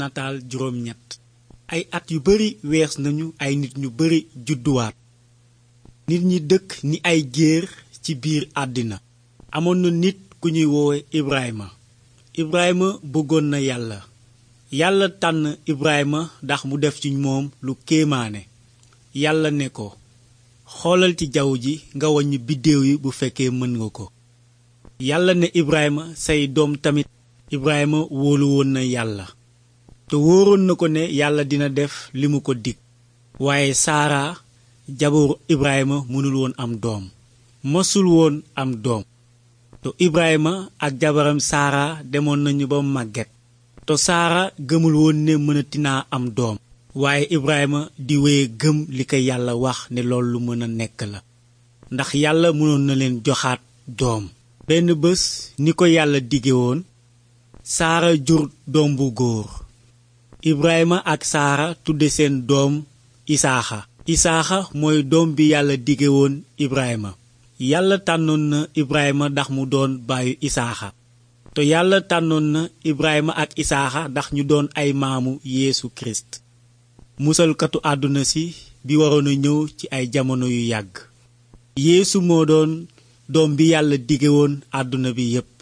nataal juróom ay at yu bari wees nañu ay nit ñu bari judduwaat nit ñi dëkk ni ay géer ci biir àddina amoon na nit ku ñuy woowe Ibrahima Ibrahima bëggoon na yàlla yàlla tànn Ibrahima ndax mu def ci moom lu kéemaane yàlla ne ko xoolal ci jaww ji nga wàññi biddéew yi bu fekkee mën nga ko yàlla ne Ibrahima say doom tamit Ibrahima wóolu woon na yàlla te wóoroon na ko ne yàlla dina def li mu ko dig waaye saara jabaru ibrahima mënul woon am doom mosul woon am doom te ibrahima ak jabaram saara demoon nañu ba màgget te saara gëmul woon ne mënati naa am doom waaye ibrahima di wéye gëm li ko yàlla wax ne loolu lu mën a nekk la ndax yàlla mënoon na leen joxaat doom benn bés ni ko yàlla dige woon saara jur doom bu góor ibrahima ak saara tudde seen doom isaaxa isaaxa mooy doom bi yàlla dige woon ibrahima yàlla tànnoon na ibrahima ndax mu doon baayu isaaxa te yàlla tànnoon na ibrahima ak isaaxa ndax ñu doon ay maamu yeesu kirist musalkatu àdduna si bi waroon a ñëw ci ay jamono yu yàgg yeesu moo doon doom bi yàlla dige woon àdduna bi yépp